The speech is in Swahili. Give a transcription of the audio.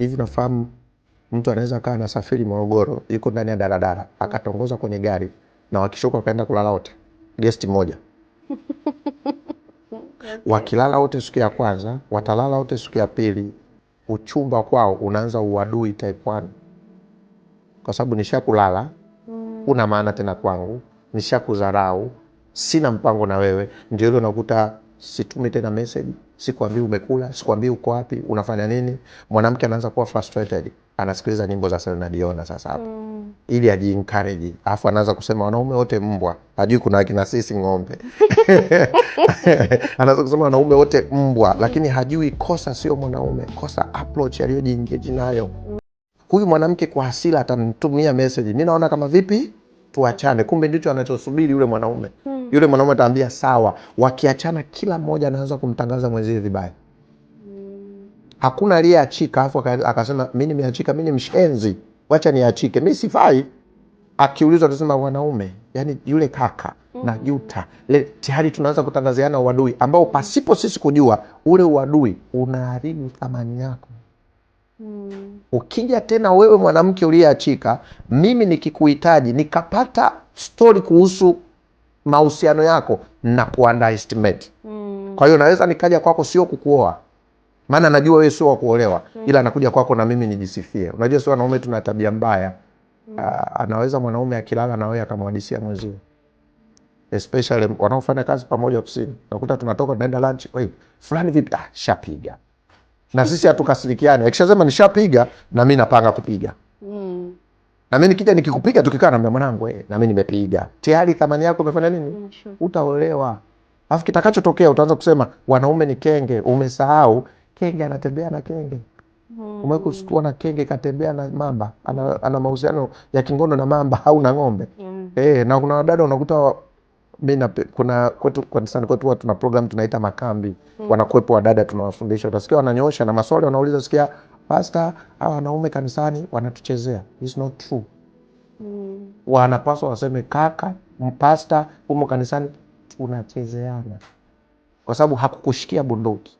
Hivi nafahamu mtu anaweza na safari Morogoro, yuko ndani ya daladala akatongoza kwenye gari na wakishuka wakaenda kulala wote gesti moja wakilala wote siku ya kwanza, watalala wote siku ya pili, uchumba kwao unaanza uadui type 1 kwa sababu nishakulala mm. una maana tena kwangu, nishakudharau, sina mpango na wewe. Ndio hilo nakuta situmi tena message sikwambii umekula, sikwambii uko wapi, unafanya nini. Mwanamke anaanza kuwa frustrated, anasikiliza nyimbo za Selena Dion sasa hapa mm. ili aji encourage afu anaanza kusema wanaume wote mbwa, hajui kuna akina sisi ng'ombe anaanza kusema wanaume wote mbwa, lakini hajui kosa sio mwanaume, kosa approach aliyojiengage nayo huyu mwanamke. Kwa hasira atamtumia message, mimi naona kama vipi tuachane, kumbe ndicho anachosubiri yule mwanaume mm yule mwanaume ataambia sawa. Wakiachana, kila mmoja anaanza kumtangaza mwenzie vibaya. Hakuna aliyeachika afu akasema mi nimeachika, mi ni mshenzi, wacha niachike, mi sifai. Akiulizwa atasema wanaume, yani yule kaka mm. na juta mm-hmm. tayari tunaanza kutangaziana uadui ambao pasipo sisi kujua ule uadui unaharibu thamani yako. Hmm. Ukija tena wewe mwanamke uliyeachika, mimi nikikuhitaji nikapata stori kuhusu mahusiano yako na kuunderestimate. Mm. Kwa hiyo naweza nikaja kwako sio kukuoa. Maana najua wewe sio wa kuolewa mm. ila anakuja kwako na mimi nijisifie. Unajua sio wanaume tuna tabia mbaya. Mm. Uh, anaweza mwanaume akilala na wewe akamwadisia mwenzie. Especially wanaofanya kazi pamoja ofisini. Nakuta tunatoka tunaenda lunch, wewe fulani vipi? Ah, shapiga. Na sisi hatukasirikiani. Akishasema nishapiga na mimi napanga kupiga. Na mimi nikija nikikupiga tukikaa, naambia mwanangu, eh, na mimi nimepiga tayari. Thamani yako umefanya nini? Mm, Utaolewa. Alafu kitakachotokea utaanza kusema wanaume ni kenge. Umesahau kenge anatembea na kenge mm. na kenge katembea na mamba, ana, ana mahusiano ya kingono na mamba au na ng'ombe mm. Eh, na kuna wadada unakuta mimi kuna kwetu kanisani kwetu huwa tuna program tunaita makambi mm. Wanakuwepo wadada tunawafundisha, utasikia wananyoosha na maswali wanauliza, sikia pasta au wanaume kanisani wanatuchezea. is not true. Mm. Wanapaswa waseme kaka mpasta humo kanisani tunachezeana, kwa sababu hakukushikia bunduki.